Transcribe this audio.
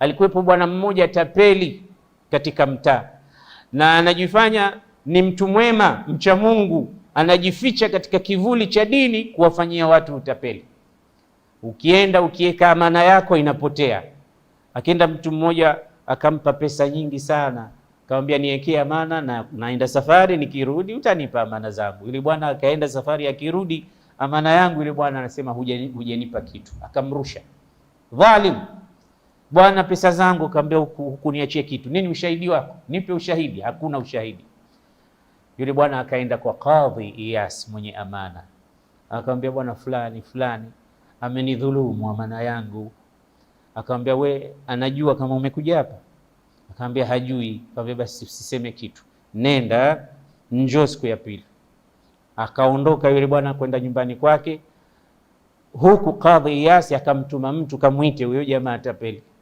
Alikuwepo bwana mmoja tapeli katika mtaa, na anajifanya ni mtu mwema mcha Mungu, anajificha katika kivuli cha dini kuwafanyia watu utapeli. Ukienda ukiweka amana yako inapotea. Akienda mtu mmoja akampa pesa nyingi sana, akamwambia niwekee amana na naenda safari, nikirudi utanipa amana zangu. ili bwana akaenda safari, akirudi amana yangu, yule bwana anasema hujenipa kitu, akamrusha. Dhalim bwana, pesa zangu, kaambia hukuniachie kitu. Nini ushahidi wako? Nipe ushahidi. Hakuna ushahidi. Yule bwana akaenda kwa Kadhi Iyas mwenye amana, akamwambia bwana fulani fulani amenidhulumu amana yangu. Akamwambia we, anajua kama umekuja hapa? Akamwambia hajui. Kaambia basi usiseme kitu, nenda, njoo siku ya pili. Akaondoka yule bwana kwenda nyumbani kwake, huku Kadhi Iyas akamtuma mtu, kamwite huyo jamaa tapeli.